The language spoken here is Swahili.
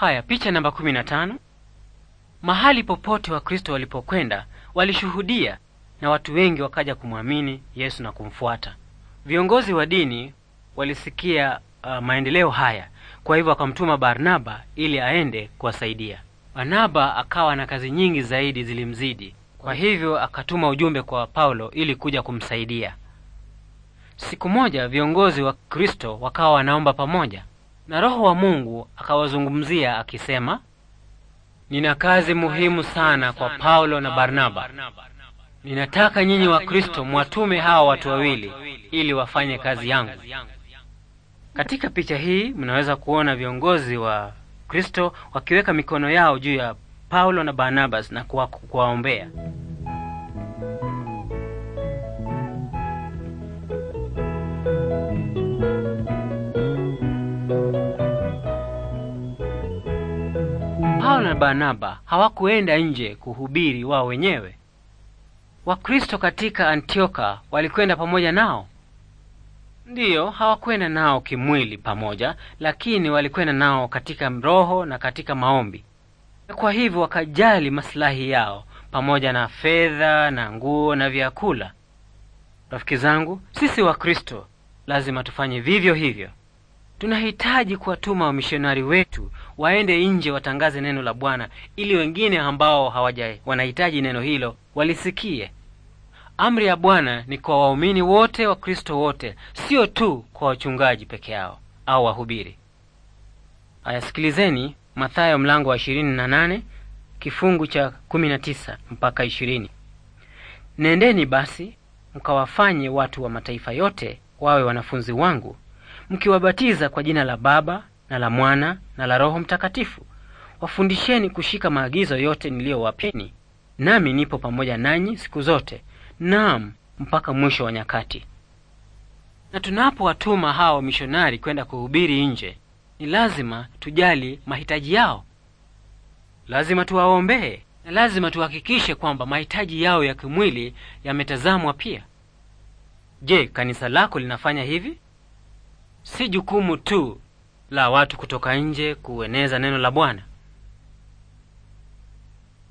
Haya, picha namba kumi na tano. Mahali popote Wakristo walipokwenda walishuhudia na watu wengi wakaja kumwamini Yesu na kumfuata. Viongozi wa dini walisikia uh, maendeleo haya, kwa hivyo akamtuma Barnaba ili aende kuwasaidia. Barnaba akawa na kazi nyingi zaidi zilimzidi, kwa hivyo akatuma ujumbe kwa Paulo ili kuja kumsaidia. Siku moja viongozi wa Kristo wakawa wanaomba pamoja, na Roho wa Mungu akawazungumzia akisema, nina kazi muhimu sana kwa Paulo na Barnaba. Ninataka nyinyi wa kristo mwatume hawa watu wawili ili wafanye kazi yangu. Katika picha hii mnaweza kuona viongozi wa Kristo wakiweka mikono yao juu ya Paulo na Barnabas na kuwaombea. Paulo na Barnaba hawakuenda nje kuhubiri wao wenyewe. Wakristo katika Antioka walikwenda pamoja nao? Ndiyo, hawakwenda nao kimwili pamoja, lakini walikwenda nao katika roho na katika maombi. Kwa hivyo wakajali maslahi yao pamoja na fedha na nguo na vyakula. Rafiki zangu, sisi Wakristo lazima tufanye vivyo hivyo. Tunahitaji kuwatuma wamishonari wetu waende nje watangaze neno la Bwana ili wengine ambao hawaja wanahitaji neno hilo walisikie. Amri ya Bwana ni kwa waumini wote wa Kristo wote, sio tu kwa wachungaji peke yao au wahubiri. Ayasikilizeni Mathayo mlango wa 28 kifungu cha 19 mpaka 20. Nendeni basi mkawafanye watu wa mataifa yote wawe wanafunzi wangu, mkiwabatiza kwa jina la Baba na la Mwana na la Roho Mtakatifu. Wafundisheni kushika maagizo yote niliyowapeni, nami nipo pamoja nanyi siku zote, naam, mpaka mwisho wa nyakati. Na tunapowatuma hao mishonari kwenda kuhubiri nje, ni lazima tujali mahitaji yao, lazima tuwaombee na lazima tuhakikishe kwamba mahitaji yao ya kimwili yametazamwa pia. Je, kanisa lako linafanya hivi? Si jukumu tu la watu kutoka nje kueneza neno la Bwana.